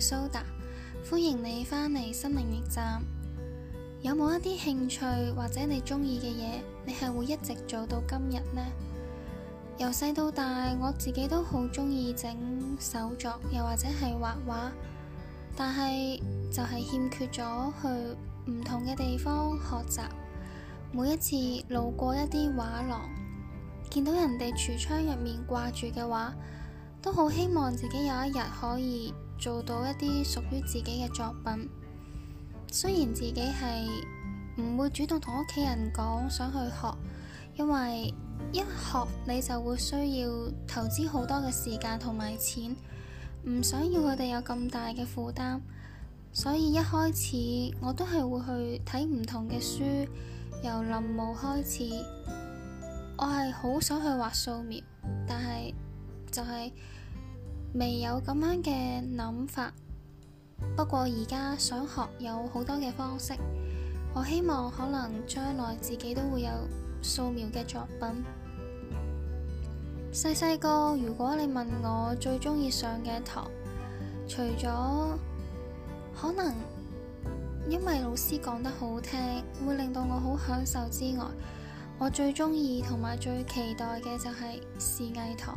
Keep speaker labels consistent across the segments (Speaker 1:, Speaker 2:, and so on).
Speaker 1: 蘇達，歡迎你返嚟心靈驛站。有冇一啲興趣或者你中意嘅嘢，你係會一直做到今日呢？由細到大，我自己都好中意整手作，又或者係畫畫，但係就係、是、欠缺咗去唔同嘅地方學習。每一次路過一啲畫廊，見到人哋櫥窗入面掛住嘅畫，都好希望自己有一日可以。做到一啲屬於自己嘅作品，雖然自己係唔會主動同屋企人講想去學，因為一學你就會需要投資好多嘅時間同埋錢，唔想要佢哋有咁大嘅負擔，所以一開始我都係會去睇唔同嘅書，由臨摹開始。我係好想去畫素描，但係就係、是。未有咁樣嘅諗法，不過而家想學有好多嘅方式。我希望可能將來自己都會有素描嘅作品。細細個，如果你問我最中意上嘅堂，除咗可能因為老師講得好聽，會令到我好享受之外，我最中意同埋最期待嘅就係視藝堂。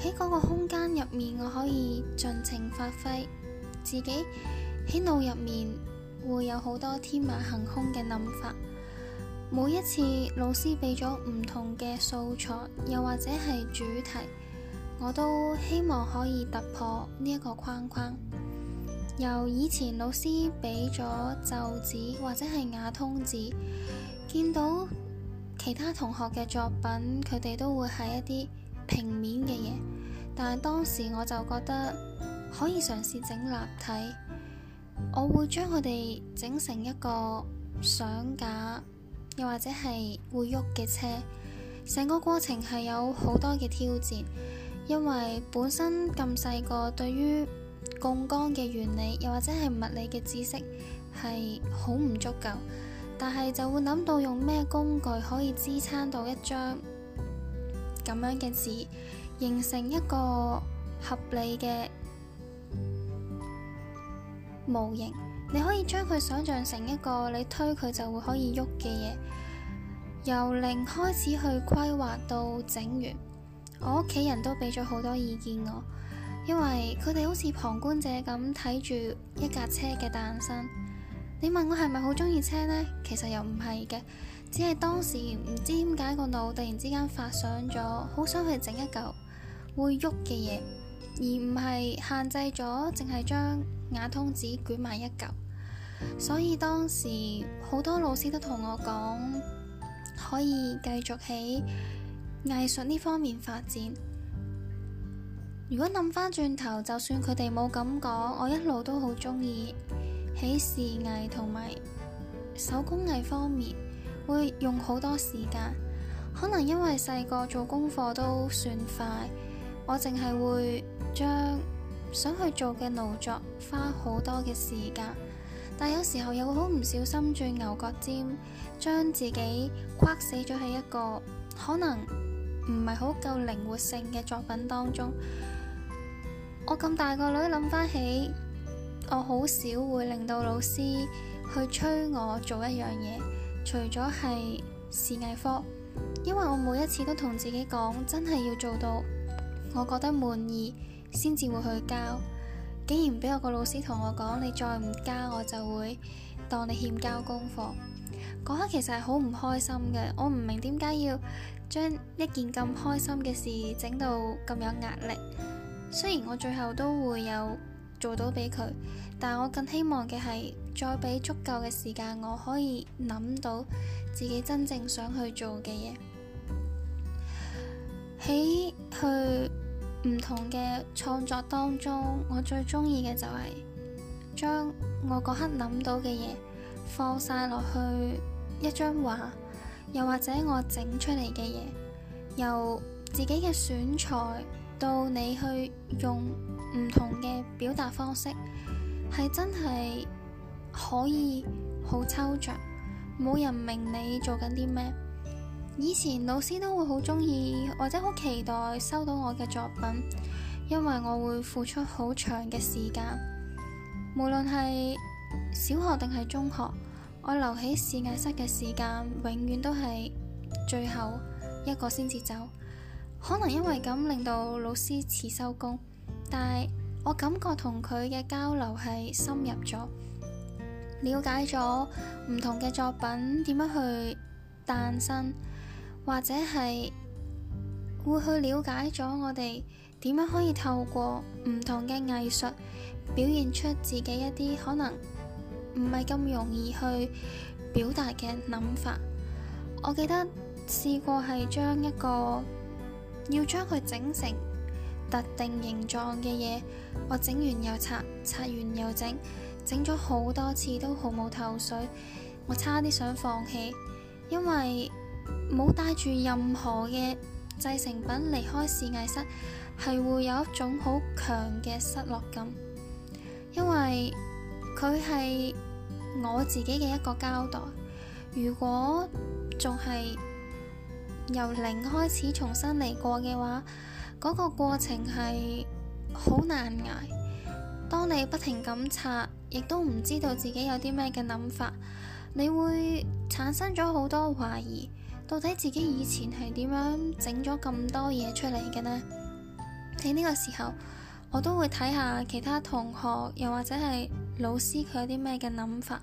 Speaker 1: 喺嗰個空間入面，我可以盡情發揮自己，喺腦入面會有好多天馬行空嘅諗法。每一次老師俾咗唔同嘅素材，又或者係主題，我都希望可以突破呢一個框框。由以前老師俾咗皺紙或者係瓦通紙，見到其他同學嘅作品，佢哋都會喺一啲。平面嘅嘢，但係當時我就覺得可以嘗試整立體。我會將佢哋整成一個相架，又或者係會喐嘅車。成個過程係有好多嘅挑戰，因為本身咁細個，對於槓桿嘅原理，又或者係物理嘅知識係好唔足夠，但係就會諗到用咩工具可以支撐到一張咁樣嘅字，形成一個合理嘅模型。你可以將佢想象成一個你推佢就會可以喐嘅嘢，由零開始去規劃到整完。我屋企人都俾咗好多意見我，因為佢哋好似旁觀者咁睇住一架車嘅誕生。你問我係咪好中意車呢？其實又唔係嘅。只係當時唔知點解個腦突然之間發想咗，好想去整一嚿會喐嘅嘢，而唔係限制咗，淨係將瓦通紙捲埋一嚿。所以當時好多老師都同我講，可以繼續喺藝術呢方面發展。如果諗返轉頭，就算佢哋冇咁講，我一路都好中意喺視藝同埋手工藝方面。會用好多時間，可能因為細個做功課都算快，我淨係會將想去做嘅勞作花好多嘅時間。但有時候又會好唔小心鑽牛角尖，將自己框死咗喺一個可能唔係好夠靈活性嘅作品當中。我咁大個女諗翻起，我好少會令到老師去催我做一樣嘢。除咗係視藝科，因為我每一次都同自己講，真係要做到我覺得滿意，先至會去交。竟然俾我個老師同我講，你再唔交，我就會當你欠交功課。嗰刻其實係好唔開心嘅，我唔明點解要將一件咁開心嘅事整到咁有壓力。雖然我最後都會有做到俾佢。但我更希望嘅係，再俾足夠嘅時間，我可以諗到自己真正想去做嘅嘢。喺去唔同嘅創作當中，我最中意嘅就係將我嗰刻諗到嘅嘢放晒落去一張畫，又或者我整出嚟嘅嘢，由自己嘅選材到你去用唔同嘅表達方式，係真係可以好抽象，冇人明你做緊啲咩。以前老師都會好中意或者好期待收到我嘅作品，因為我會付出好長嘅時間。無論係小學定係中學，我留喺視藝室嘅時間永遠都係最後一個先至走，可能因為咁令到老師遲收工，但係。我感覺同佢嘅交流係深入咗，了解咗唔同嘅作品點樣去誕生，或者係會去了解咗我哋點樣可以透過唔同嘅藝術表現出自己一啲可能唔係咁容易去表達嘅諗法。我記得試過係將一個，要將佢整成，特定形狀嘅嘢，我整完又拆，拆完又整，整咗好多次都毫無頭緒，我差啲想放棄，因為冇帶住任何嘅製成品離開試藝室，係會有一種好強嘅失落感，因為佢係我自己嘅一個交代。如果仲係由零開始重新嚟過嘅話，嗰個過程係好難捱，當你不停咁擦，亦都唔知道自己有啲咩嘅諗法，你會產生咗好多懷疑，到底自己以前係點樣整咗咁多嘢出嚟嘅呢？喺呢個時候，我都會睇下其他同學，又或者係老師佢有啲咩嘅諗法，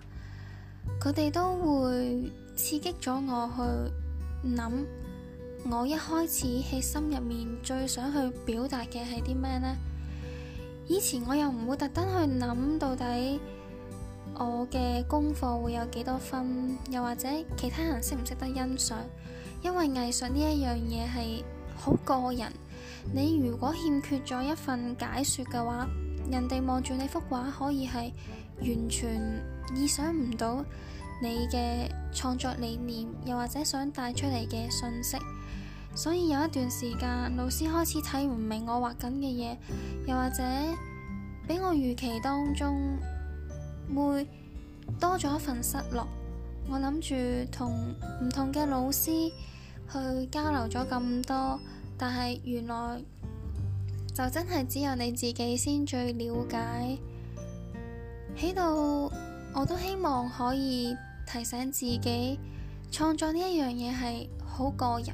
Speaker 1: 佢哋都會刺激咗我去諗。我一開始喺心入面最想去表達嘅係啲咩呢？以前我又唔會特登去諗到底我嘅功課會有幾多分，又或者其他人識唔識得欣賞？因為藝術呢一樣嘢係好個人，你如果欠缺咗一份解說嘅話，人哋望住你幅畫可以係完全意想唔到你嘅創作理念，又或者想帶出嚟嘅信息。所以有一段時間，老師開始睇唔明我畫緊嘅嘢，又或者比我預期當中會多咗一份失落。我諗住同唔同嘅老師去交流咗咁多，但係原來就真係只有你自己先最了解喺度。我都希望可以提醒自己，創作呢一樣嘢係好個人。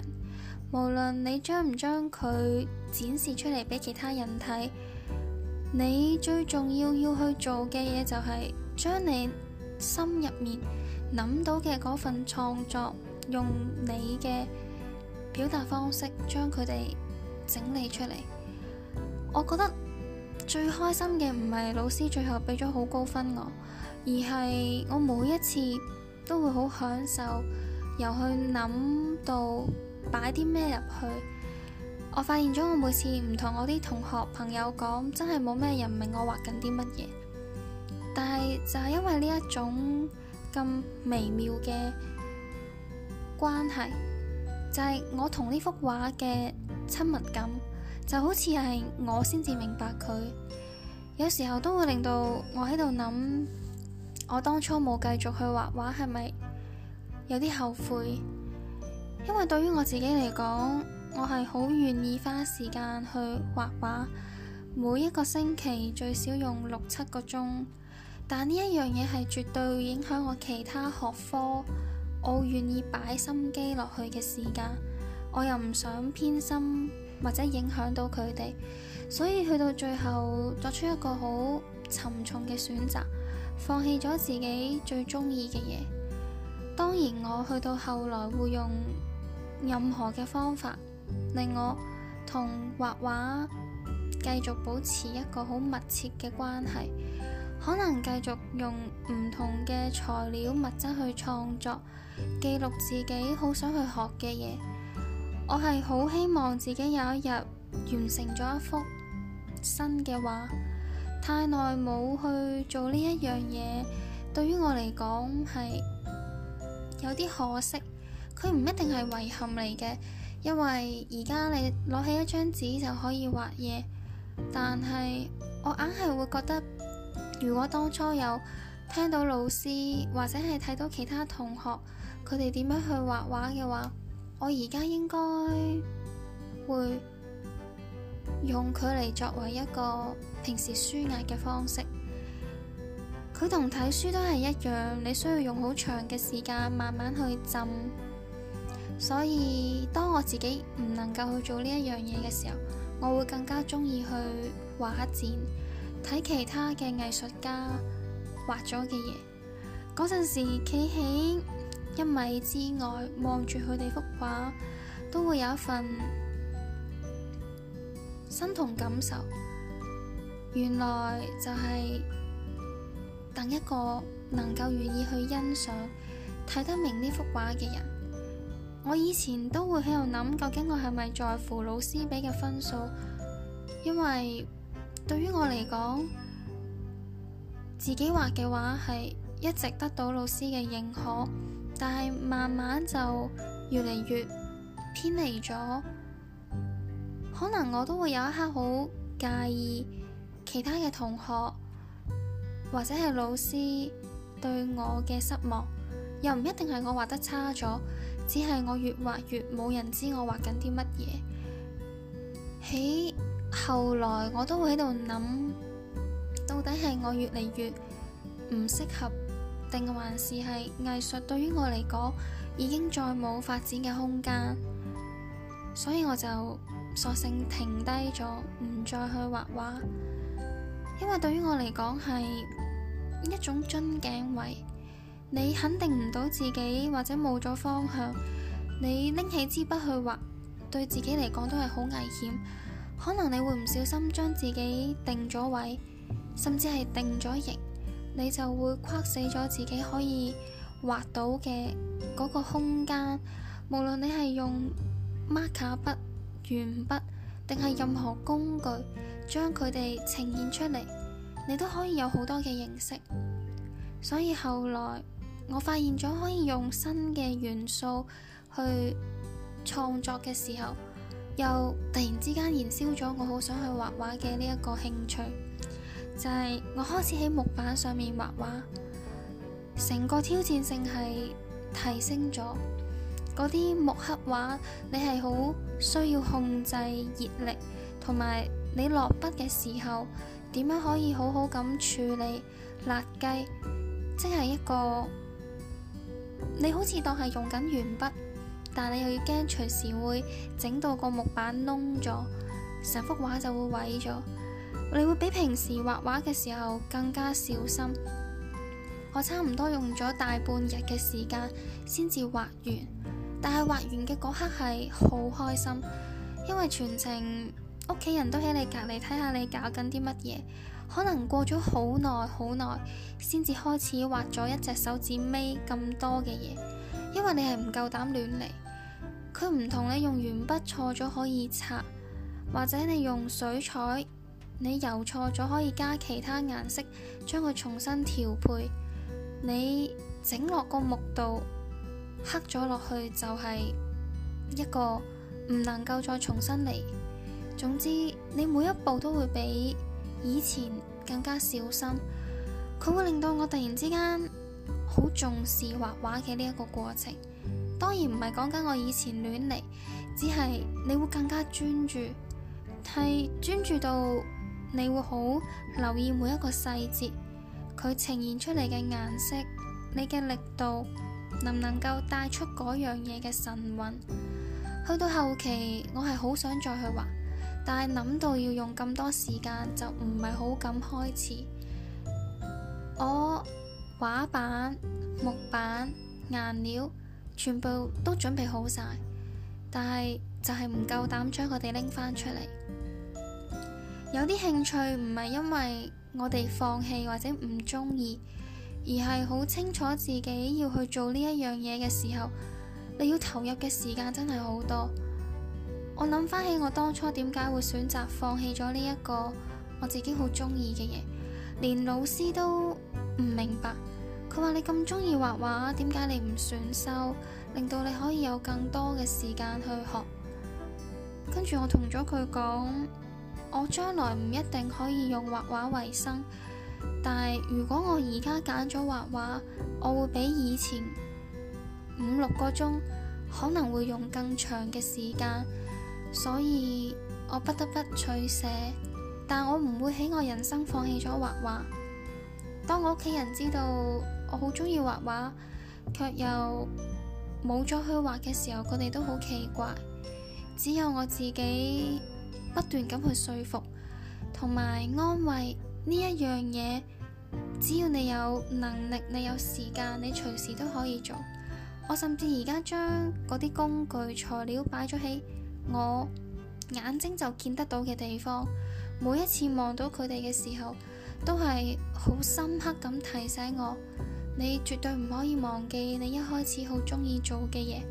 Speaker 1: 無論你將唔將佢展示出嚟俾其他人睇，你最重要要去做嘅嘢就係將你心入面諗到嘅嗰份創作，用你嘅表達方式將佢哋整理出嚟。我覺得最開心嘅唔係老師最後俾咗好高分我，而係我每一次都會好享受，又去諗到。擺啲咩入去？我發現咗，我每次唔同我啲同學朋友講，真係冇咩人明我畫緊啲乜嘢。但係就係因為呢一種咁微妙嘅關係，就係我同呢幅畫嘅親密感，就好似係我先至明白佢。有時候都會令到我喺度諗，我當初冇繼續去畫畫，係咪有啲後悔？因為對於我自己嚟講，我係好願意花時間去畫畫，每一個星期最少用六七個鐘。但呢一樣嘢係絕對影響我其他學科，我願意擺心機落去嘅時間，我又唔想偏心或者影響到佢哋，所以去到最後作出一個好沉重嘅選擇，放棄咗自己最中意嘅嘢。當然，我去到後來會用。任何嘅方法令我同畫畫繼續保持一個好密切嘅關係，可能繼續用唔同嘅材料物質去創作，記錄自己好想去學嘅嘢。我係好希望自己有一日完成咗一幅新嘅畫。太耐冇去做呢一樣嘢，對於我嚟講係有啲可惜。佢唔一定係遺憾嚟嘅，因為而家你攞起一張紙就可以畫嘢，但係我硬係會覺得，如果當初有聽到老師或者係睇到其他同學佢哋點樣去畫畫嘅話，我而家應該會用佢嚟作為一個平時舒壓嘅方式。佢同睇書都係一樣，你需要用好長嘅時間慢慢去浸。所以，當我自己唔能夠去做呢一樣嘢嘅時候，我會更加鍾意去畫展睇其他嘅藝術家畫咗嘅嘢。陣時企喺一米之外望住佢哋幅畫都會有一份身同感受。原來就係、是、等一個能夠願意去欣賞睇得明呢幅畫嘅人。我以前都會喺度諗，究竟我係咪在乎老師俾嘅分數？因為對於我嚟講，自己畫嘅畫係一直得到老師嘅認可，但係慢慢就越嚟越偏離咗。可能我都會有一刻好介意其他嘅同學或者係老師對我嘅失望，又唔一定係我畫得差咗。只係我越畫越冇人知我畫緊啲乜嘢，喺後來我都會喺度諗，到底係我越嚟越唔適合，定還是係藝術對於我嚟講已經再冇發展嘅空間，所以我就索性停低咗，唔再去畫畫，因為對於我嚟講係一種樽頸位。你肯定唔到自己或者冇咗方向，你拎起支筆去畫，對自己嚟講都係好危險。可能你會唔小心將自己定咗位，甚至係定咗型，你就會框死咗自己可以畫到嘅嗰個空間。無論你係用 mark 卡筆、鉛筆定係任何工具，將佢哋呈現出嚟，你都可以有好多嘅形式。所以後來。我發現咗可以用新嘅元素去創作嘅時候，又突然之間燃燒咗我好想去畫畫嘅呢一個興趣，就係我開始喺木板上面畫畫，成個挑戰性係提升咗。嗰啲木刻畫你係好需要控制熱力，同埋你落筆嘅時候點樣可以好好咁處理辣雞，即係一個。你好似當係用緊鉛筆，但你又要驚隨時會整到個木板窿咗，成幅畫就會毀咗。你會比平時畫畫嘅時候更加小心。我差唔多用咗大半日嘅時間先至畫完，但係畫完嘅嗰刻係好開心，因為全程屋企人都喺你隔籬睇下你搞緊啲乜嘢。可能過咗好耐好耐，先至開始畫咗一隻手指尾咁多嘅嘢，因為你係唔夠膽亂嚟。佢唔同你用鉛筆錯咗可以擦，或者你用水彩你油錯咗可以加其他顏色將佢重新調配。你整落個木度黑咗落去就係一個唔能夠再重新嚟。總之你每一步都會俾。以前更加小心，佢會令到我突然之間好重視畫畫嘅呢一個過程。當然唔係講緊我以前亂嚟，只係你會更加專注，係專注到你會好留意每一個細節，佢呈現出嚟嘅顏色，你嘅力度能唔能夠帶出樣嘢嘅神韻。去到後期，我係好想再去畫。但係諗到要用咁多時間，就唔係好敢開始。我畫板、木板、顏料全部都準備好晒，但係就係唔夠膽將佢哋拎返出嚟。有啲興趣唔係因為我哋放棄或者唔中意，而係好清楚自己要去做呢一樣嘢嘅時候，你要投入嘅時間真係好多。我諗翻起我當初點解會選擇放棄咗呢一個我自己好中意嘅嘢，連老師都唔明白。佢話你咁中意畫畫，點解你唔選修，令到你可以有更多嘅時間去學？跟住我同咗佢講，我將來唔一定可以用畫畫為生，但係如果我而家揀咗畫畫，我會比以前五六個鐘可能會用更長嘅時間。所以我不得不取捨，但我唔會喺我人生放棄咗畫畫。當我屋企人知道我好中意畫畫，卻又冇咗去畫嘅時候，佢哋都好奇怪。只有我自己不斷咁去說服同埋安慰呢一樣嘢。只要你有能力，你有時間，你隨時都可以做。我甚至而家將嗰啲工具材料擺咗起。我眼睛就見得到嘅地方，每一次望到佢哋嘅時候，都係好深刻咁提醒我，你絕對唔可以忘記你一開始好鍾意做嘅嘢，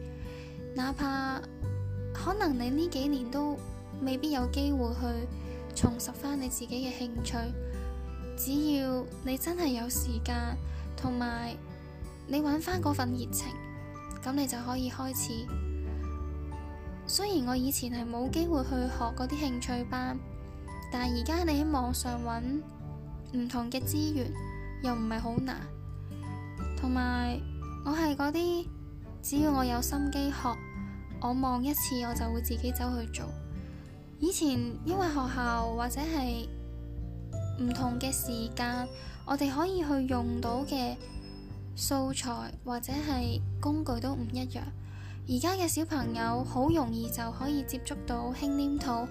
Speaker 1: 哪怕可能你呢幾年都未必有機會去重拾翻你自己嘅興趣，只要你真係有時間，同埋你揾翻嗰份熱情，咁你就可以開始。雖然我以前係冇機會去學嗰啲興趣班，但係而家你喺網上揾唔同嘅資源又唔係好難，同埋我係嗰啲只要我有心機學，我望一次我就會自己走去做。以前因為學校或者係唔同嘅時間，我哋可以去用到嘅素材或者係工具都唔一樣。而家嘅小朋友好容易就可以接觸到輕黏土，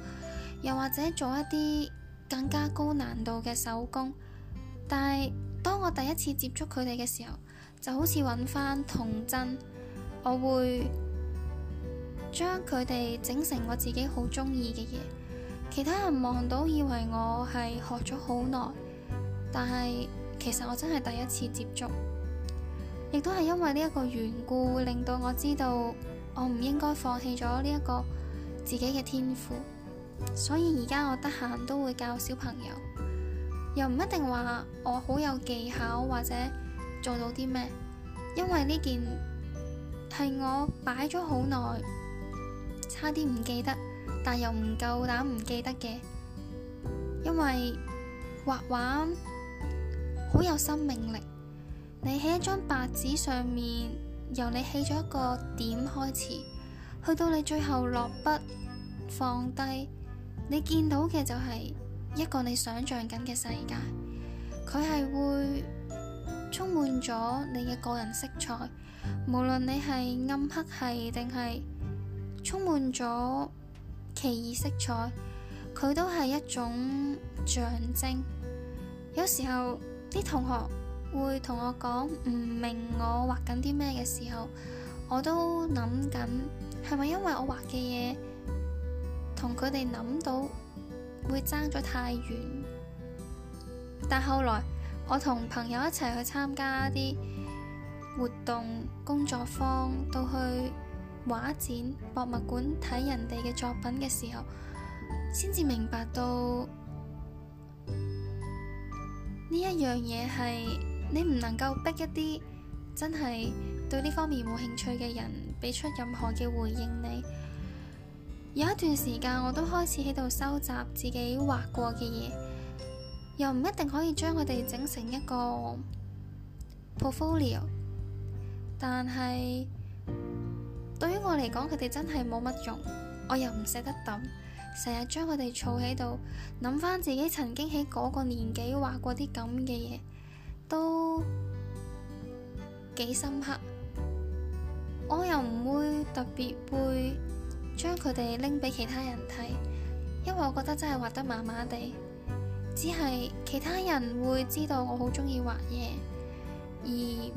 Speaker 1: 又或者做一啲更加高難度嘅手工。但係當我第一次接觸佢哋嘅時候，就好似搵返童真。我會將佢哋整成我自己好鍾意嘅嘢。其他人望到以為我係學咗好耐，但係其實我真係第一次接觸。亦都係因為呢一個緣故，令到我知道我唔應該放棄咗呢一個自己嘅天賦，所以而家我得閒都會教小朋友，又唔一定話我好有技巧或者做到啲咩，因為呢件係我擺咗好耐，差啲唔記得，但又唔夠膽唔記得嘅，因為畫畫好有生命力。你喺一張白紙上面，由你起咗一個點開始，去到你最後落筆放低，你見到嘅就係一個你想象緊嘅世界。佢係會充滿咗你嘅個人色彩，無論你係暗黑系定係充滿咗奇異色彩，佢都係一種象徵。有時候啲同學會同我講唔明我畫緊啲咩嘅時候，我都諗緊係咪因為我畫嘅嘢同佢哋諗到會爭咗太遠。但後來我同朋友一齊去參加啲活動、工作坊，到去畫展、博物館睇人哋嘅作品嘅時候，先至明白到呢一樣嘢係。你唔能夠逼一啲真係對呢方面冇興趣嘅人俾出任何嘅回應你。有一段時間我都開始喺度收集自己畫過嘅嘢，又唔一定可以將佢哋整成一個 portfolio。但係對於我嚟講，佢哋真係冇乜用，我又唔捨得抌，成日將佢哋儲喺度，諗翻自己曾經喺嗰個年紀畫過啲咁嘅嘢。都幾深刻，我又唔會特別會將佢哋拎俾其他人睇，因為我覺得真係畫得麻麻地。只係其他人會知道我好鍾意畫嘢，而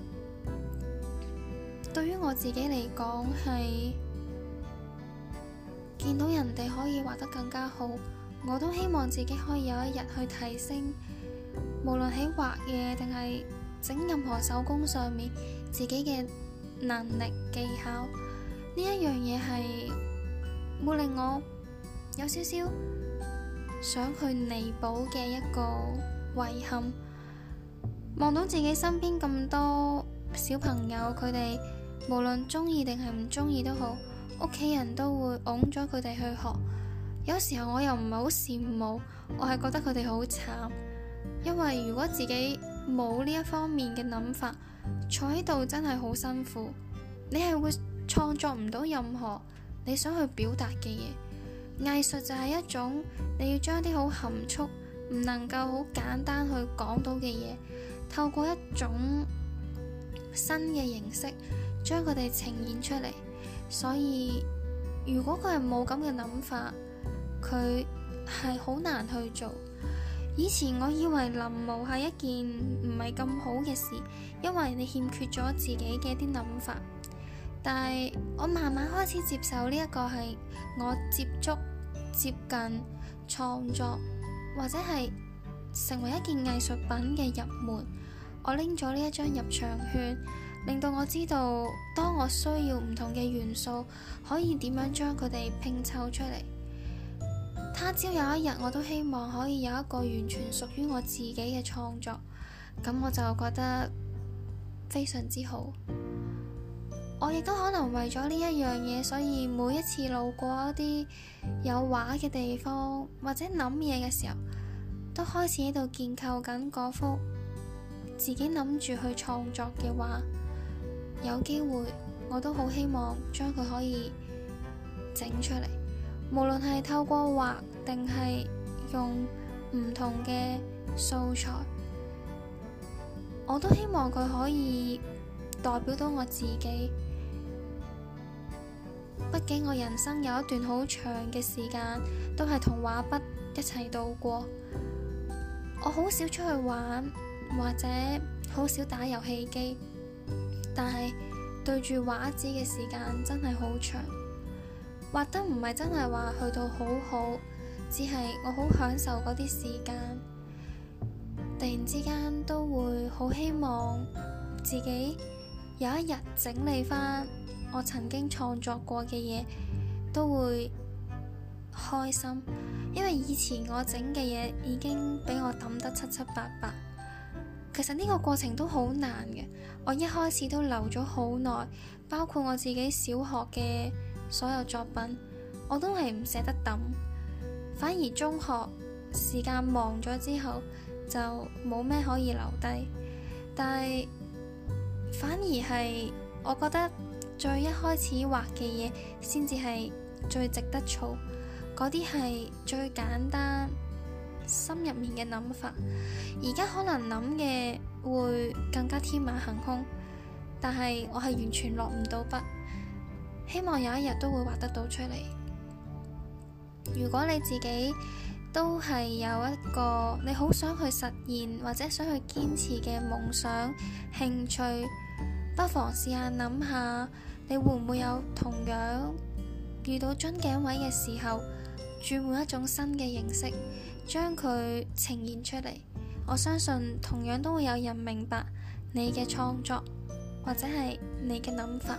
Speaker 1: 對於我自己嚟講，係見到人哋可以畫得更加好，我都希望自己可以有一日去提升。無論喺畫嘢定係整任何手工上面，自己嘅能力技巧，呢一樣嘢係會令我有少少想去彌補嘅一個遺憾。望到自己身邊咁多小朋友，佢哋無論中意定係唔中意都好，屋企人都會拱咗佢哋去學。有時候我又唔係好羨慕，我係覺得佢哋好慘。因為如果自己冇呢一方面嘅諗法，坐喺度真係好辛苦。你係會創作唔到任何你想去表達嘅嘢。藝術就係一種你要將啲好含蓄、唔能夠好簡單去講到嘅嘢，透過一種新嘅形式將佢哋呈現出嚟。所以，如果佢係冇咁嘅諗法，佢係好難去做。以前我以為臨摹係一件唔係咁好嘅事，因為你欠缺咗自己嘅一啲諗法。但係我慢慢開始接受呢一個係我接觸、接近、創作，或者係成為一件藝術品嘅入門。我拎咗呢一張入場券，令到我知道，當我需要唔同嘅元素，可以點樣將佢哋拼湊出嚟。他朝有一日，我都希望可以有一個完全屬於我自己嘅創作，咁我就覺得非常之好。我亦都可能為咗呢一樣嘢，所以每一次路過一啲有畫嘅地方，或者諗嘢嘅時候，都開始喺度建構緊嗰幅自己諗住去創作嘅畫。有機會，我都好希望將佢可以整出嚟。無論係透過畫定係用唔同嘅素材，我都希望佢可以代表到我自己。畢竟我人生有一段好長嘅時間都係同畫筆一齊度過。我好少出去玩，或者好少打遊戲機，但係對住畫紙嘅時間真係好長。畫得唔係真係話去到好好，只係我好享受嗰啲時間。突然之間都會好希望自己有一日整理翻我曾經創作過嘅嘢，都會開心。因為以前我整嘅嘢已經俾我抌得七七八八。其實呢個過程都好難嘅，我一開始都留咗好耐，包括我自己小學嘅。所有作品我都係唔捨得抌，反而中學時間忙咗之後就冇咩可以留低。但係反而係我覺得最一開始畫嘅嘢先至係最值得儲，嗰啲係最簡單心入面嘅諗法。而家可能諗嘅會更加天馬行空，但係我係完全落唔到筆。希望有一日都會畫得到出嚟。如果你自己都係有一個你好想去實現或者想去堅持嘅夢想興趣，不妨試下諗下，你會唔會有同樣遇到樽頸位嘅時候，轉換一種新嘅形式，將佢呈現出嚟。我相信同樣都會有人明白你嘅創作或者係你嘅諗法。